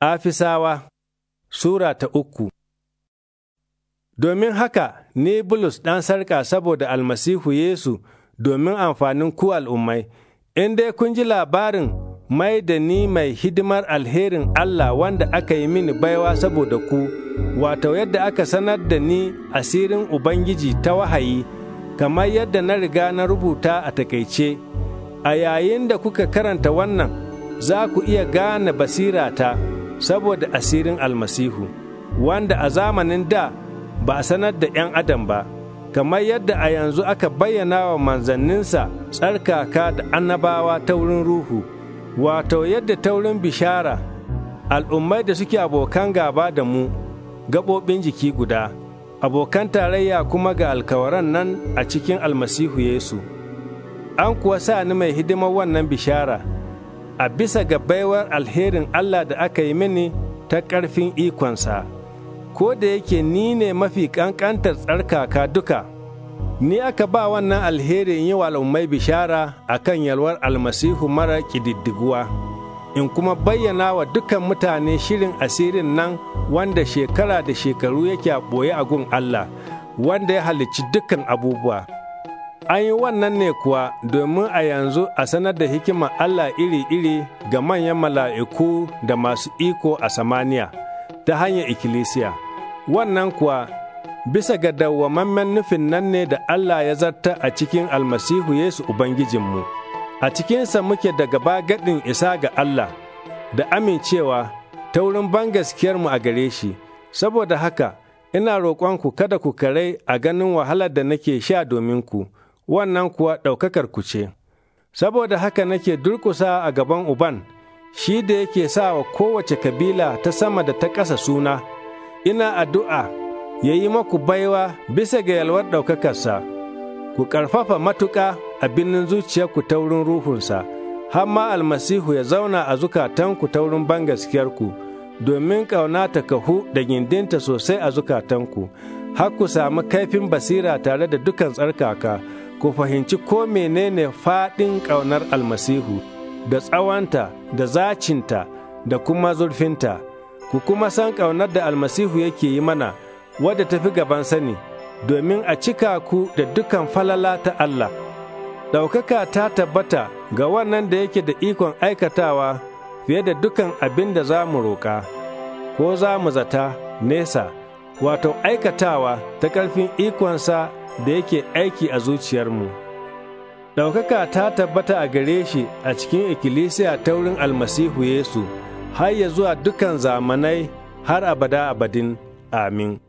Afisawa Sura ta uku Domin haka ni Bulus ɗan sarƙa saboda almasihu Yesu domin amfanin ku al'ummai, in dai kun ji labarin mai da ni mai hidimar alherin Allah wanda aka yi mini baiwa saboda ku, wato yadda aka sanar da ni asirin Ubangiji ta wahayi, kamar yadda na riga na rubuta a takaice, a yayin da kuka karanta wannan, za ku iya gane basirata. saboda asirin almasihu wanda a zamanin da ba a sanar da 'yan adam ba kamar yadda a yanzu aka bayyana wa manzanninsa tsarkaka da annabawa ta wurin ruhu wato yadda ta wurin bishara al'ummai da suke abokan gaba da mu gaɓoɓin jiki guda abokan tarayya kuma ga alkawaran nan a cikin almasihu yesu an kuwa sa ni mai hidimar wannan bishara a bisa ga baiwar alherin Allah da aka yi mini ta ƙarfin ikonsa, ko da yake ni ne mafi ƙanƙantar tsarkaka duka, ni aka ba wannan alherin yi wa al'ummai bishara a kan yalwar almasihu mara ƙididdiguwa, in kuma bayyana wa dukan mutane shirin asirin nan wanda shekara da shekaru yake a ɓoye a gun Allah, wanda ya halicci dukan abubuwa. An yi wannan ne kuwa domin a yanzu a sanar da hikima Allah iri-iri ga manyan mala'iku da masu iko a samaniya ta hanyar ikkilisiya. Wannan kuwa bisa ga dawwamammen nufin nan ne da Allah ya zarta a cikin almasihu Yesu Ubangijinmu. A cikinsa muke daga gaba gaɗin isa ga Allah da amincewa ta wurin mu a gare shi, saboda haka ina roƙonku kada ku karai a ganin wahalar da nake sha domin ku. wannan kuwa ɗaukakar ku ce. Saboda haka nake durkusa a gaban Uban, shi da yake sa wa kowace kabila ta sama da ta ƙasa suna, ina addu'a ya yi maku baiwa bisa ga yalwar ɗaukakarsa, ku ƙarfafa matuƙa a binin zuciyarku ta wurin ruhunsa, har ma almasihu ya zauna a zukatanku ta wurin bangaskiyarku, domin ƙauna ta kahu da gindinta sosai a zukatanku, har ku sami kaifin basira tare da dukan tsarkaka. ku fahimci ko menene faɗin ƙaunar almasihu da tsawanta, da zacinta da kuma zurfinta ku kuma san ƙaunar da almasihu yake yi mana wadda tafi gaban sani domin a cika ku da dukan falala ta Allah ɗaukaka ta tabbata ga wannan da yake da ikon aikatawa fiye da dukan abin da za mu roƙa ko za mu zata nesa wato aikatawa ta ƙarfin ikonsa da yake aiki a zuciyarmu. Ɗaukaka ta tabbata a gare shi a cikin ikkilisiya ta wurin almasihu Yesu, har ya zuwa dukan zamanai har abada abadin. Amin.